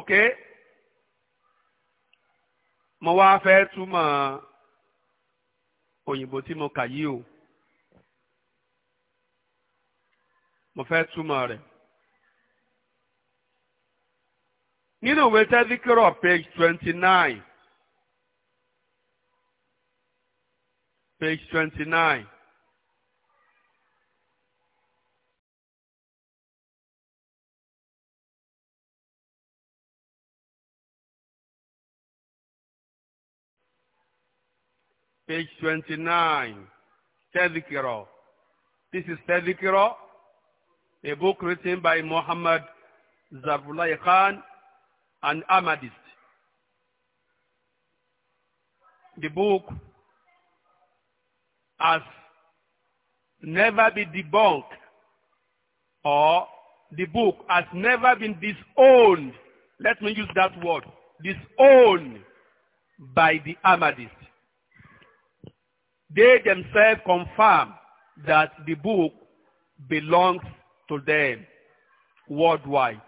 ok mo wá fẹ́ túmọ̀ òyìnbó tí mo kà yí o mo fẹ́ túmọ̀ rẹ̀ nínú ìwé tẹ́síkírọ̀ page twenty nine page twenty nine. page 29, Tadhikra. This is Tadhikra, a book written by Muhammad Zabulai Khan, an Ahmadist. The book has never been debunked or the book has never been disowned. Let me use that word. Disowned by the Ahmadists. They themselves confirm that the book belongs to them worldwide.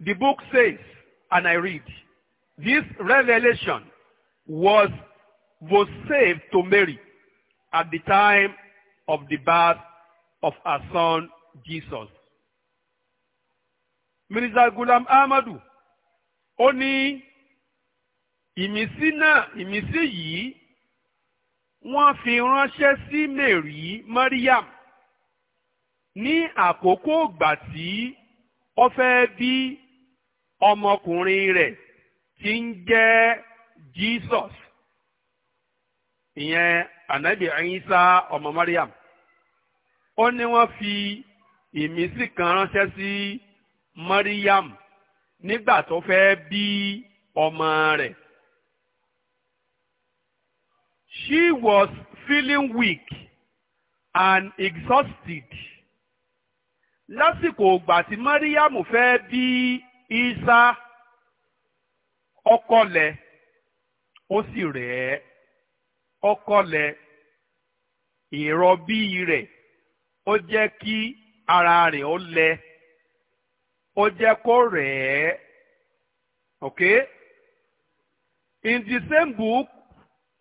The book says, and I read, this revelation was was saved to Mary at the time of the birth of her son Jesus. Minister Gulam Ahmadu, ó ní ìmísí náà ìmísí yìí wọ́n fi ránṣẹ́ sí Mary Mariam ní àkókò ìgbà tí ó fẹ́ bí ọmọkùnrin rẹ̀ tí ń jẹ́ Jesus ìyẹn ànábì Ìsá ọmọ Mariam ó ní wọ́n fi ìmísí kan ránṣẹ́ sí Mariam nígbà tó fẹ́ bí ọmọ rẹ̀. She was feeling weak and exhausted. Lásìkò ìgbà tí Mariam fẹ́ bí Isa ọkọ ó sì rẹ̀ ẹ́ ọkọ ìrọbí rẹ̀ ó jẹ́ kí ara rẹ̀ ó lẹ̀ ó jẹ́ kó rẹ̀ ẹ́ okay in the same book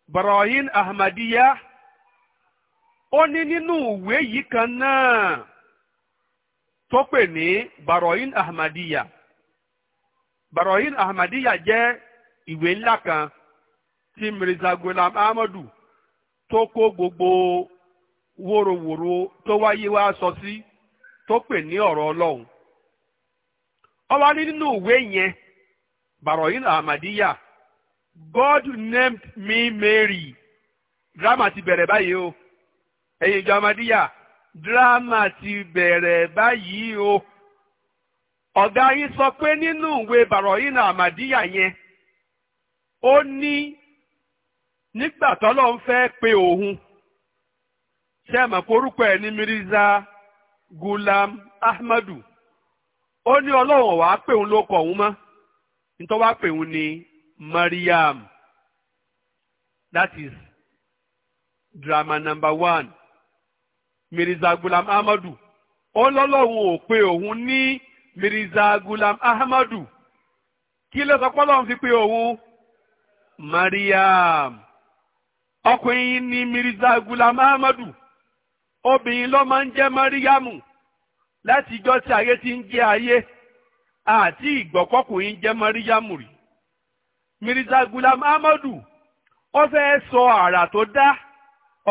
Ibrahim Ahmadiyya ó ní nínú ìwé yìí kan náà tó pè ní Ibrahim Ahmadiyya Ibrahim Ahmadiyya jẹ́ ìwé ńlá kan tí Mirza Ghulam Ahmadu tó kó gbogbo wòròwòro tó wáyé wá sọ sí tó pè ní ọ̀rọ̀ Ọlọ́run ó wá ní nínú ìwé yẹn God named me Mary drama ti bẹ̀rẹ̀ báyìí o ẹ̀yin ìjọ drama ti bẹ̀rẹ̀ ọ̀gá yín sọ pé nínú ìwé àmàdíyà yẹn ó ní nígbà pe òun orúkọ Gulam Ahmadu ó ní ọlọ́run wàá pè òun òun mariam That is drama number one. Mirza Gulam Ahmadu. Ọlọ́lọ́run ò pe òun ní Mirza Gulam Ahmadu. Kí ló sọ pọ́lọ́run fi pe òun? Maryam. Ọkùnrin ni Mirza Gulam Ahmadu. Obìnrin lọ máa ń jẹ́ Maryamu. Láti ìjọ́ tí ayé ti ń jẹ́ ayé. Àti ìgbọ̀kọ́kùnrin jẹ́ Maryamu rí. mirza gulam amadu ó fẹ́ sọ àrà tó dá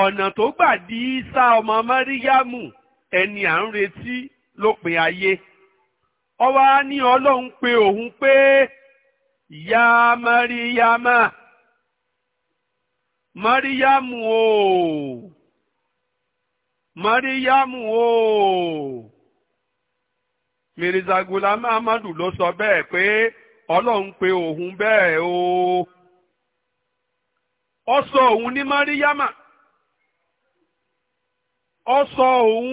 ọ̀nà tó gbà dí isa ọmọ mariamu ẹni à ń retí lópin ayé ó wá ní ọlọ́run pé òun pé ya mariama mariamu o mariamu o mirza gulam amadu ló sọ bẹ́ẹ̀ pé. ọlọ́run pé òun bẹ́ẹ̀ o ó sọ òun ní Máríyámà ó sọ òun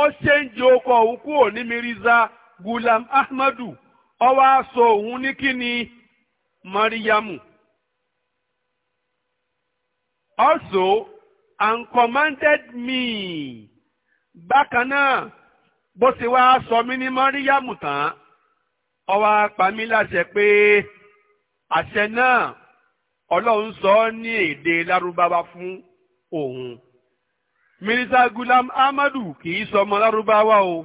ó ṣéǹjì okọ kúrò ní Mirza Gulam Ahmadu ó wá sọ òun ní kíni Mariamu. Also, and commanded me bákan náà bó ṣe wá sọ mí ní Mariamu tán. ó wá pa mí láṣẹ pé àṣẹ náà ọlọ́run sọ ọ́ ní èdè lárúbáwá fún òun. mínísà gulam amadu kì í sọmọ lárúbáwá o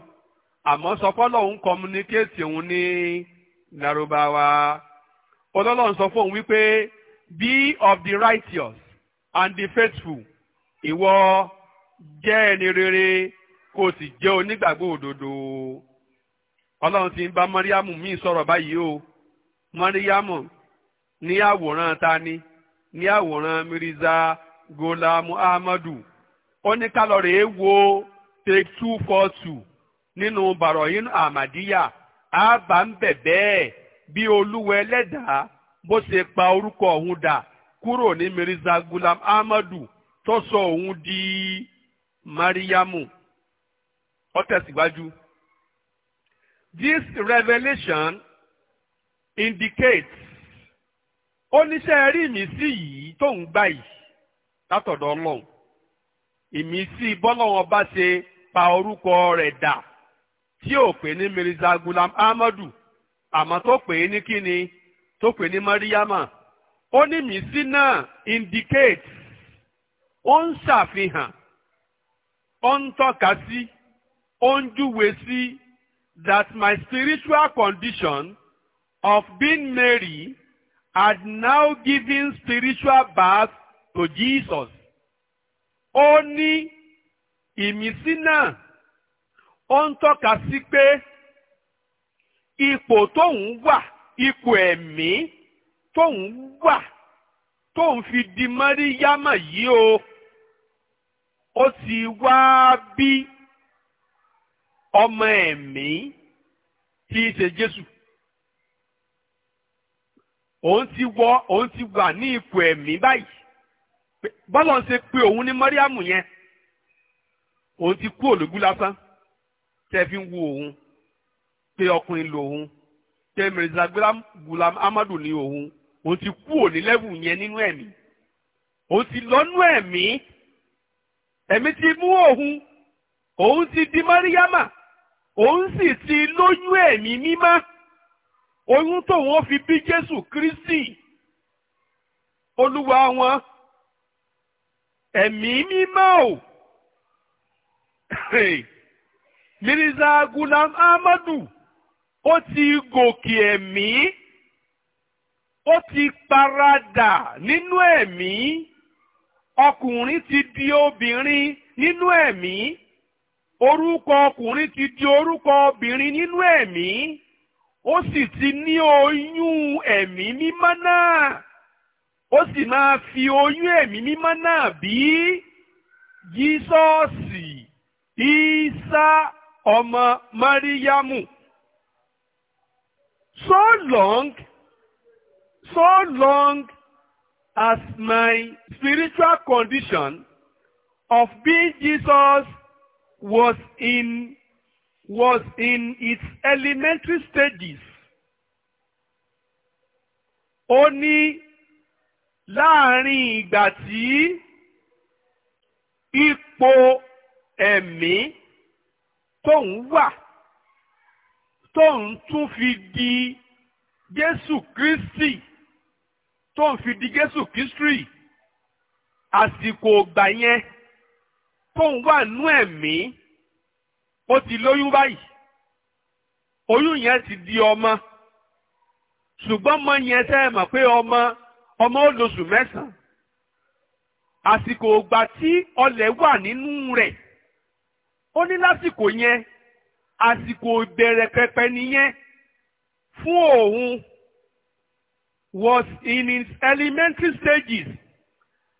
àmọ́ sọ fọ́lọ́run kọmúníkéètì òun ní lárúbáwá. ọlọ́run sọ fún òun wípé be of the righteous and the faithful ìwọ jẹ́ ẹni rere kó o sì jẹ́ onígbàgbọ́ òdodo ọlọ́run ti ń bá mọ́ríyámù míì sọ̀rọ̀ báyìí o mọ́ríyámù ní àwòrán tani ní àwòrán mirza golamu ahmadu ó ní kálọ̀rì ẹ̀ wo take two four two nínú bàrọ̀yìn ahmadiyya àbá ń bẹ̀ bẹ́ẹ̀ bí olúwa ẹlẹ́dàá bó ṣe pa orúkọ ọ̀hún dà kúrò ní mirza gulam ahmadu tó sọ òun di mọ́ríyámù ó tẹ̀síwájú. This revelation indicates oníṣẹ́ rí ìmísí yìí tó ń gbà yìí látọ̀dọ̀ ọlọ́run ìmísí bọ́lọ́wọ́n bá ṣe pa orúkọ rẹ̀ dà tí ò pè ní Mirza Gulam Ahmadu àmọ́ tó pè é ní kíni tó pè ní Mariama ó ní ìmísí náà indicates ó ń ṣàfihàn ó ń tọ́ka sí ó ń júwe sí. Si, that my spiritual condition of being Mary had now given spiritual birth to Jesus. Ó ní ìmísí náà ó ń tọ́ka sí pé ipò tóun wà ipò ẹ̀mí tóun wà tóun fi di mọ́ríyámà yìí o ó sì wá bí ọmọ ẹ̀mí tí í ṣe Jésù òun ti wọ òun ti wà ní ipò ẹ̀mí báyìí bọ́lá ń ṣe pé òun ní Mọ́ríàmù yẹn òun ti kú òlógún lásán tẹ́ fi ń wo òun pé ọkùnrin lòun tẹ́ Mirza Gulam Amadu ní òun òun ti kú òní lẹ́wù yẹn nínú ẹ̀mí òun ti lọ́nú ẹ̀mí ẹ̀mí ti mú òun òun ti di Mọ́ríàmà òun sì ti lóyún ẹ̀mí mímọ́ oyún tóun fi bí Jésù Kristi olúwa wọn ẹ̀mí mímọ́ o Mirza Gulam Ahmadu ó ti gòkè ẹ̀mí ó ti paradà nínú ẹ̀mí ọkùnrin ti di obìnrin nínú ẹ̀mí. E orúkọ ọkùnrin ti di orúkọ obìnrin nínú ẹ̀mí ó sì ti ní oyún ẹ̀mí mímọ́ náà ó sì máa fi oyún ẹ̀mí mímọ́ náà bí jísọ́ọ̀sì ìsá ọmọ mariamu. so long so long as my spiritual condition of being Jesus was in was in its elementary stages. Ó ní láàárín ìgbà tí ipò ẹ̀mí tóun wà tóun tún fi di Jésù Kristi tóun fi di Jésù Kristi àsìkò ìgbà yẹn tóun wà nú ẹ̀mí ó ti lóyún báyìí oyún yẹn ti di ọmọ ṣùgbọ́n ọmọ yẹn tẹ́ ẹ mọ̀ pé ọmọ ọmọ ó lóṣù mẹ́sàn-án àsìkò ògbà tí ọlẹ̀ wà nínú rẹ̀ ó ní lásìkò yẹn àsìkò ìbẹ̀rẹ̀ pẹpẹ nìyẹn fún òun was in its elementary stages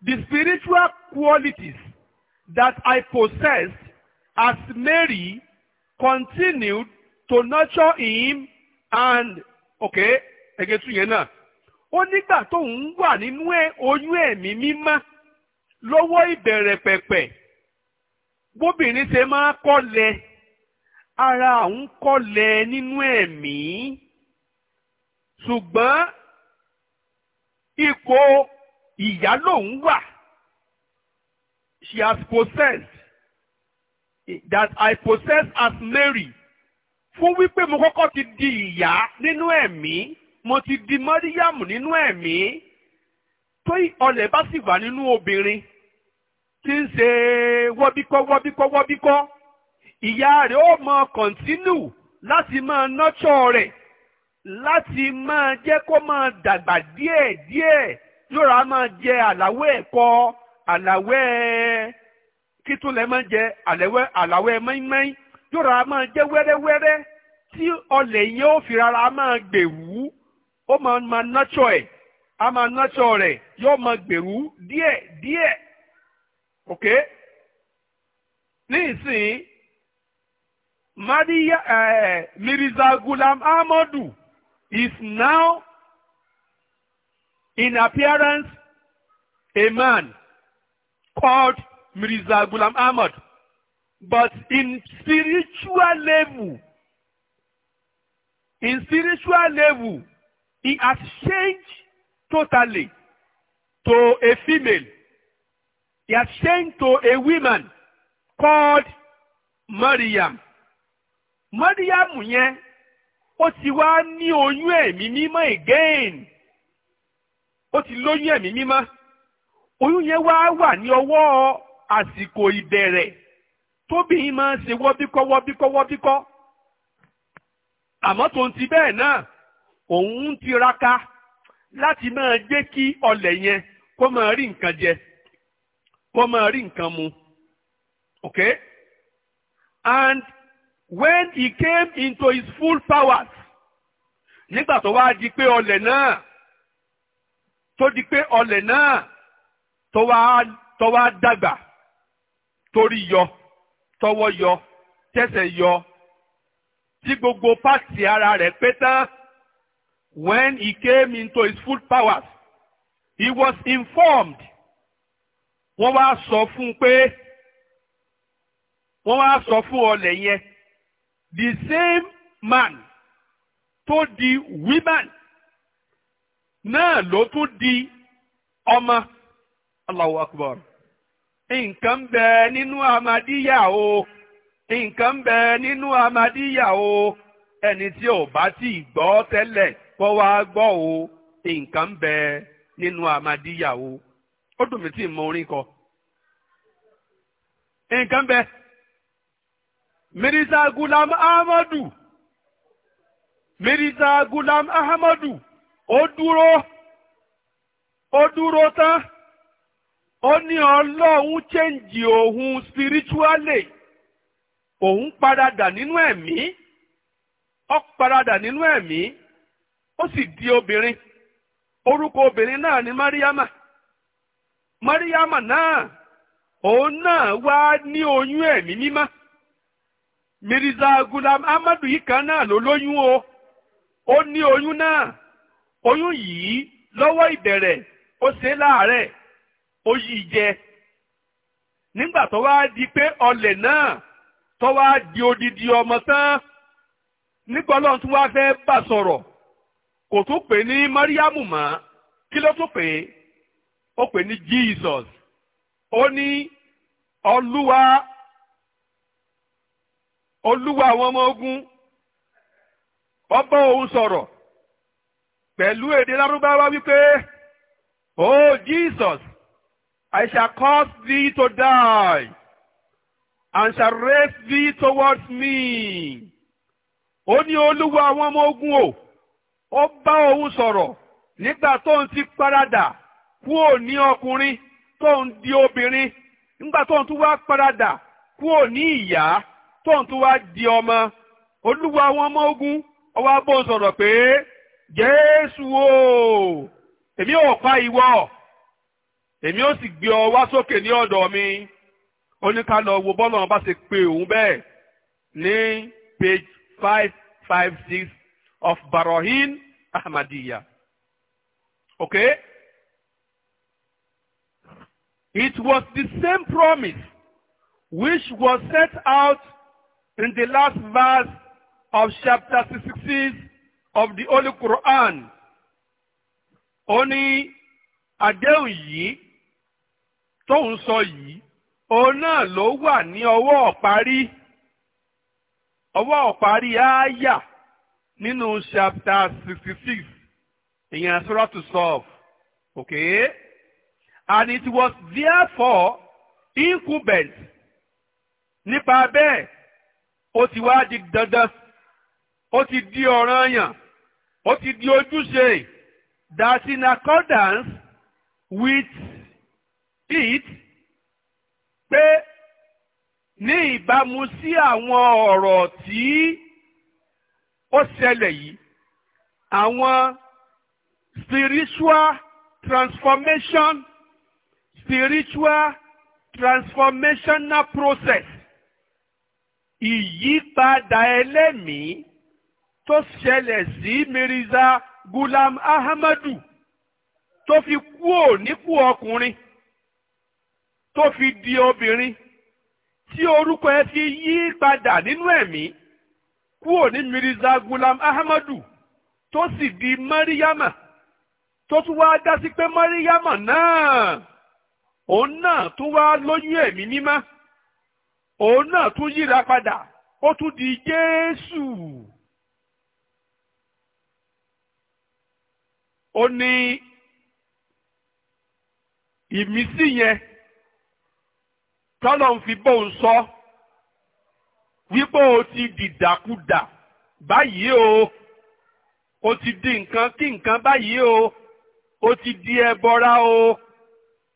the spiritual qualities that I possessed as Mary continued to nurture him and okay ẹgẹtù yẹn náà ó nígbà tóun wà nínú oyún ẹ̀mí mímọ́ lọ́wọ́ ìbẹ̀rẹ̀ pẹ̀pẹ̀ bóbìnrin ṣe máa kọ́lẹ̀ ara òun kọ́lẹ̀ nínú ẹ̀mí ṣùgbọ́n ipò ìyá lòun wà she has possessed that I possess as Mary fún wípé mo kọ́kọ́ ti di ìyá nínú ẹ̀mí mo ti di Mọ́ríyàmù nínú ẹ̀mí tó ọlẹ̀ bá sì wà nínú obìnrin tí ń ṣe wọ́bíkọ́ wọ́bíkọ́ wọ́bíkọ́ ìyá rẹ̀ ó mọ kọ̀ǹtínù láti máa nọ́tsọ̀ rẹ̀ láti máa jẹ́ kó máa dàgbà díẹ̀ díẹ̀ yóò rà máa jẹ àláwọ̀ ẹ̀kọ́ àlàwẹ́ kí tún lẹ́ máa jẹ àlàwẹ́ àlàwẹ́ mẹ́ẹ́mẹ́ẹ́ yóò rárá máa jẹ wẹ́rẹ́wẹ́rẹ́ tí ọlẹ̀ yẹn ó fi rárá máa gbèrú ó máa máa nọ́tsọ̀ ẹ̀ á máa nọ́tsọ̀ rẹ̀ yóò máa gbèrú díẹ̀ díẹ̀ ok ní ìsìn Maria uh, eh, Gulam Ahmadu is now in appearance a man called Mirza Ghulam Ahmad, but in spiritual level, in spiritual level, he has changed totally to a female. He has changed to a woman called Maryam. Maryam yẹn ó ti wá ní oyún ẹ̀mí mímọ́ again. Ó ti lóyún ẹ̀mí mímọ́ oyún yẹn wá wà ní ọwọ́ àsìkò ìbẹ̀rẹ̀ tóbìnrin máa ń ṣe wọ́bíkọ́ wọ́bíkọ́ wọ́bíkọ́ àmọ́ tó ń ti bẹ́ẹ̀ náà òun ń tiraka láti máa jẹ́ kí ọlẹ̀ yẹn kó máa rí nǹkan jẹ kó máa rí nǹkan mu okay and when he came into his full powers nígbà tó wá di pé ọlẹ̀ náà tó di pé ọlẹ̀ náà tọ́wá tọ́wá dàgbà torí yọ tọ́wọ́ yọ tẹ́sẹ̀ yọ tí gbogbo pàtì ara rẹ̀ pé tán when he came into his full powers he was informed wọ́n wá sọ fún un pé wọ́n wá sọ fún ọlẹ̀ yẹn the same man tó di women náà ló tún di ọmọ. Allahu akbar nǹkan ń bẹ nínú amadíyà o nǹkan bẹ nínú amadíyà o ẹni tí ò bá tí ì gbọ́ tẹ́lẹ̀ kó wá gbọ́ o nǹkan bẹ nínú o ó dùn mí tí ì mọ kọ nǹkan bẹ mirisa gulam ahmadu mirisa gulam ahmadu ó dúró ó dúró tán. ó ní ọlọ́run chẹ́ǹjì òun spiritually òun paradà nínú ẹ̀mí ó paradà nínú ẹ̀mí ó sì di obìnrin orúkọ obìnrin náà ni Mariama Mariama náà òun náà wá ní oyún ẹ̀mí mímá Mirza Gulam Amadu yìí kan náà ló lóyún o ó ní oyún náà oyún yìí lọ́wọ́ ìbẹ̀rẹ̀ ó ṣe láàárẹ̀ ó yí jẹ nígbà tó wá di pé ọlẹ̀ náà tó wá di odidi ọmọ tán nígbà ọlọ́run tó wá fẹ́ bá sọ̀rọ̀ kò tún pè ní Máríámù mọ́ kí ló tún pè é ó pè ní Jesus ó ní olúwa olúwa àwọn ọmọ ogun ọba òun sọ̀rọ̀ pẹ̀lú èdè lárúbáwá wípé oh Jesus I shall cause thee to die, and shall raise thee towards me. Ó ní olúwa àwọn ọmọ ogun o, ó bá òun sọ̀rọ̀ nígbà tó ń ti paradà kúò ní ọkùnrin tó ń di obìnrin, nígbà tó ń tún wá paradà kúò ní ìyá tó ń tún wá di ọmọ. Olúwa àwọn ọmọ ogun ó wá sọ̀rọ̀ pé Jésù o, èmi ò pa ìwọ èmi ó sì gbé ọ wá sókè ní ọ̀dọ̀ mi ó ní ọba ṣe pé òun bẹ́ẹ̀ ní page five five six of Barahin Ahmadiyya okay it was the same promise which was set out in the last verse of chapter sixty-six of the Holy Quran ó ní àdéhùn yìí tó ń sọ yìí òun náà ló wà ní ọwọ́ ọ̀parí ọwọ́ ọ̀parí ááyà nínú chapter 66 six ìyẹn to solve okay and it was therefore incumbent nípa bẹ́ẹ̀ ó ti wá di dandan ó ti di ọ̀ranyàn ó ti di ojúṣe that in accordance with it pé ní ìbámu sí àwọn ọ̀rọ̀ tí ó ṣẹlẹ̀ yìí àwọn spiritual transformation spiritual transformational process ìyípadà ẹlẹ́mìí tó ṣẹlẹ̀ sí Mirza Gulam Ahmadu tó fi kúò nípò ọkùnrin tó fi di obìnrin tí orúkọ ẹ fi yí padà nínú ẹ̀mí kúrò ní Mirza Gulam Ahmadu tó sì di Mariama tó tún wá dá sí pé Mariama náà òun náà tún wá lóyún ẹ̀mí mímá òun náà tún yíra padà ó tún di Jésù. ó ní ìmísí yẹn tọ́lọ̀ ń fi bóun sọ wípé o ti dìdàkudà báyìí o o ti di nǹkan kí nǹkan báyìí o o ti di ẹbọra o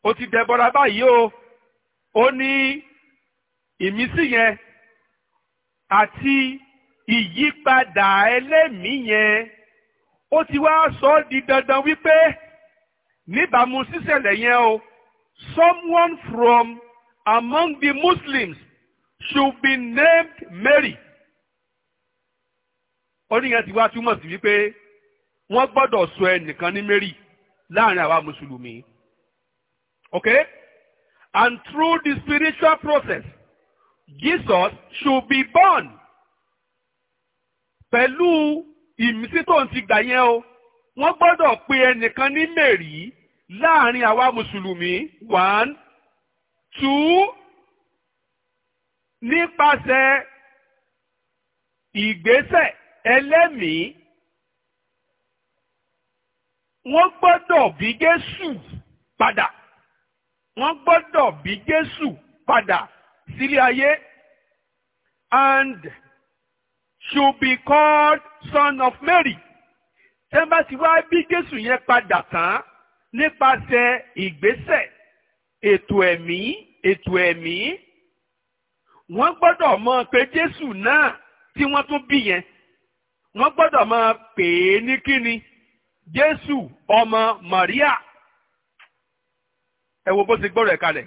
o ti dẹbọra báyìí o ó ní ìmísí yẹn àti ìyípadà ẹlẹ́mìí yẹn ó ti wá sọ ọ́ di dandan wípé níbàámu sísẹ̀lẹ̀ yẹn o someone from among the Muslims should be named Mary. oníyẹn ti wá túmọ̀ sí wípé wọ́n gbọ́dọ̀ sọ ẹnìkan ní Mary láàrin àwa mùsùlùmí. Okay? And through the spiritual process, Jesus should be born. Pẹ̀lú ìmísí tó ń ti gbà yẹn o, wọ́n gbọ́dọ̀ pe ẹnìkan ní Mary láàrin àwa mùsùlùmí. One tù ú nípasẹ̀ ìgbésẹ̀ ẹlẹ́mìí wọ́n gbọ́dọ̀ bí Jésù padà wọ́n gbọ́dọ̀ bí Jésù padà sílé ayé and should be called son of Mary tẹ́ bá ti wá bí Jésù yẹn padà tán nípasẹ̀ ìgbésẹ̀ ètò ẹ̀mí ètò ẹ̀mí wọ́n gbọ́dọ̀ mọ pé Jésù náà tí wọ́n tún bí yẹn wọ́n gbọ́dọ̀ mọ pè é ní kíni Jésù ọmọ Màríà ẹ wo bó ti gbọ́rọ̀ ẹ̀ kalẹ̀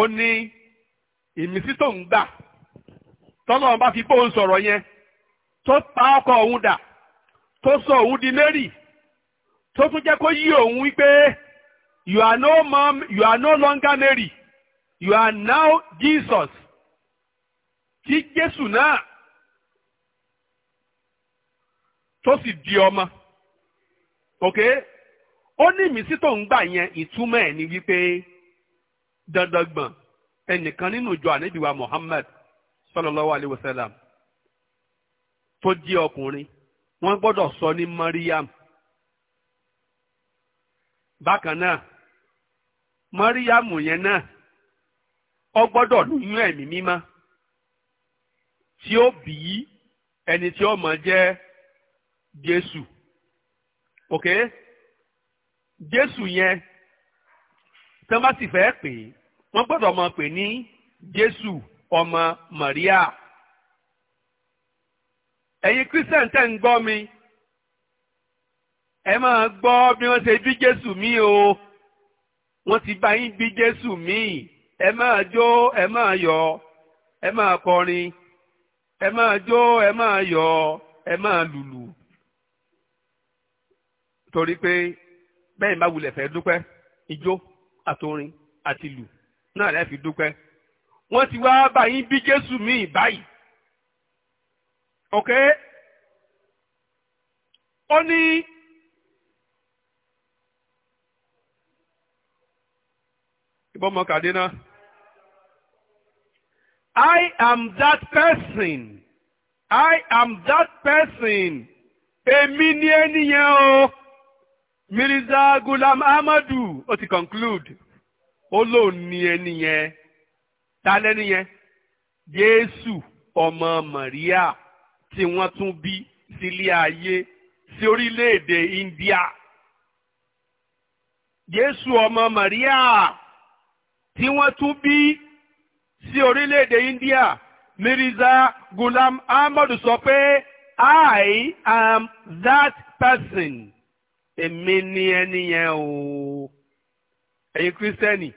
ó ní ìmísí tó ń gbà tọ́lọ́run bá fi ọkọ òun dà tó sọ òun di Mary tó tún jẹ́ kó yí òun wípé. You are no mom, you are no longer Mary. You are now Jesus. Kí Jésù náà tó sì di ọmọ. Ok? Ó ní ìmísí tó ń gbà yẹn ìtumọ̀ ẹ̀ ni wípé dandangbọ̀n ẹnìkan nínú ìjọ ànábìwá Muhammad sallallahu alayhi wa sallam tó jẹ́ ọkùnrin wọ́n gbọ́dọ̀ sọ ní Mariam. Bákan náà mọ́ríyàmù yẹn náà ó gbọ́dọ̀ lóyún ẹ̀mí mímọ́ tí ó bí ẹni tí ó mọ̀ jẹ́ Jésù ok Jésù yẹn tí wọ́n bá sì fẹ́ pè é wọ́n gbọ́dọ̀ mọ̀ pè ní Jésù ọmọ Màríà ẹ̀yin Christian tẹ́ ń gbọ́ mi ẹ máa gbọ́ bí wọ́n ṣe bí Jésù mi o wọ́n ti bá yín bí Jésù míì ẹ máa jó ẹ máa yọ̀ ẹ máa kọrin ẹ máa jó ẹ máa yọ̀ ẹ máa lùlù torí pé bẹ́ẹ̀ ni bá wulẹ̀ fẹ́ dúpẹ́ ijó àtorin àti lù náà lẹ́ẹ̀ fi dúpẹ́ wọ́n ti wá bá yín bí Jésù míì báyìí ok ó ní. ìbọmọ kàdínà. I am that person. I am that person. Èmi ni ẹnìyẹn o. Mirza Gulam Ahmadu ó ti conclude. Ó lóun ni ẹnìyẹn. Ta lẹ́nìyẹn? Jésù ọmọ Màríà tí wọ́n tún bí sílé ayé sí orílẹ̀-èdè India. Jésù ọmọ Maria tí wọ́n tún bí sí orílẹ̀-èdè India Mirza Ghulam Ahmad sọ pé I am that person èmi ni ẹni yẹn o ẹ̀yin kírísítẹ́nì